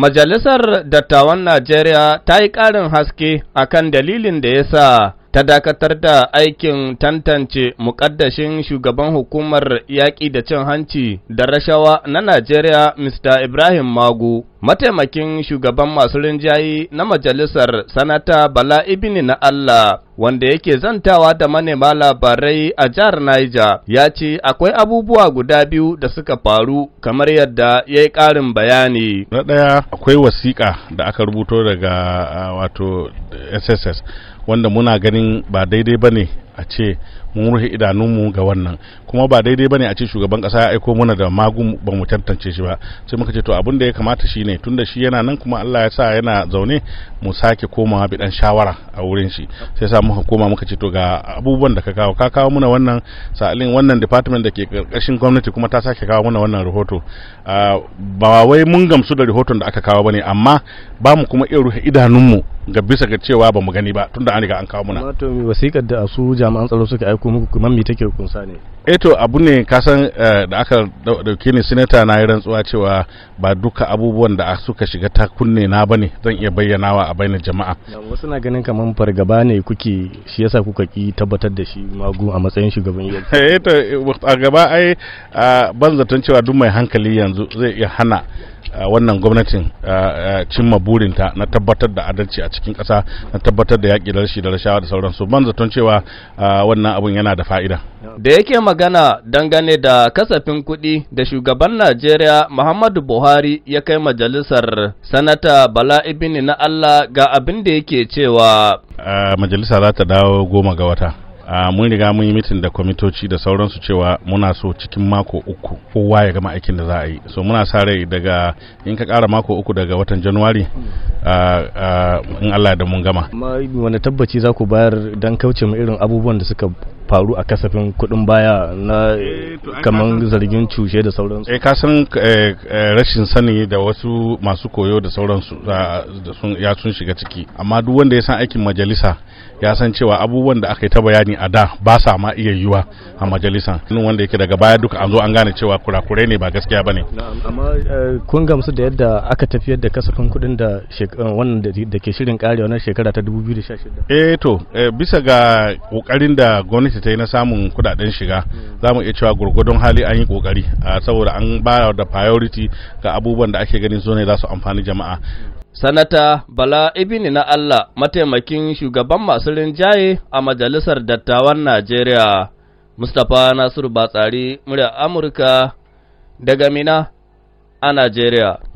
Majalisar Dattawan Najeriya ta yi ƙarin haske a kan dalilin da ya sa ta dakatar da aikin tantance muƙaddashin shugaban hukumar yaƙi da cin hanci da rashawa na Najeriya Mr. Ibrahim Magu mataimakin shugaban masu rinjaye na majalisar sanata bala ibini na allah wanda yake zantawa da manema labarai a jihar Niger ya ce akwai abubuwa guda biyu da suka faru kamar yadda ya yi ƙarin bayani. Na ɗaya akwai wasiƙa da aka rubuto daga wato SSS wanda muna ganin ba daidai ba ne a ce mun rufe idanunmu ga wannan kuma ba daidai bane a ce shugaban kasa ya aiko mana da magun ba mu tantance shi ba sai muka ce to abin da ya kamata shi ne tun da shi yana nan kuma Allah ya sa yana zaune mu sake komawa bidan shawara a wurin shi sai sa muka koma muka ce to ga abubuwan da ka kawo ka kawo muna wannan sa'alin wannan department da ke karkashin gwamnati kuma ta sake kawo muna wannan rahoto ah, ba wai mun gamsu da rahoton da aka kawo bane amma ba mu kuma iya rufe idanunmu ga bisa ga cewa ba mu gani ba tunda an riga an kawo muna. Wato wasikar da su jami'an tsaro suka aiko muku kuma me take kunsa ne? Eh to abu ne ka san eh, da aka dauke ni sinata na yi rantsuwa cewa ba duka abubuwan da suka shiga ta kunne na bane zan iya bayyanawa a bainar jama'a. Wasu na ganin kamar fargaba ne kuke shi yasa kuka ki tabbatar da shi magu a matsayin shugaban yau. Eh to a gaba ai ban zaton cewa duk mai hankali yanzu zai iya hana wannan gwamnatin cimma burinta na tabbatar da adalci a cikin ƙasa na tabbatar da yaƙi da rashi da rashawa da sauransu ban zaton cewa wannan abun yana da fa'ida. Da yake magana dangane da kasafin kuɗi da shugaban Najeriya Muhammadu Buhari ya kai majalisar sanata Bala Ibini na Allah ga abin da yake cewa. Majalisa za ta dawo goma ga wata. mun riga mun yi mitin da kwamitoci da sauransu cewa muna so cikin mako uku kowa ya gama aikin da za a yi so muna sa rai daga in ka kara mako uku daga watan januwari in allah da mun gama wani tabbaci za ku bayar don kauce mu irin abubuwan da suka faru a kasafin kuɗin baya na eh, eh, kamar zargin cushe da sauransu eh ka san eh, rashin sani da wasu masu koyo da sauransu ya sun shiga ciki amma duk wanda ya san aikin majalisa ya san cewa abubuwan da aka yi ta bayani a da ba sa ma iya yiwa a majalisa wanda yake daga baya duka an zo an gane cewa kurakurai ne ba gaskiya bane amma kun gamsu da yadda aka tafiyar da kasafin kuɗin da wannan da ke shirin karewa na shekara ta 2016 eh to bisa ga kokarin da gwamnati gwamnati ta yi na samun kudaden shiga hmm. za mu iya cewa gurgudun hali an yi kokari saboda an ba da priority ga abubuwan da ake ganin su ne za su amfani jama'a Sanata Bala Ibini na Allah mataimakin shugaban masu rinjaye a Majalisar Dattawan Najeriya, Mustapha Nasiru Batsari, murya Amurka daga Mina a Najeriya.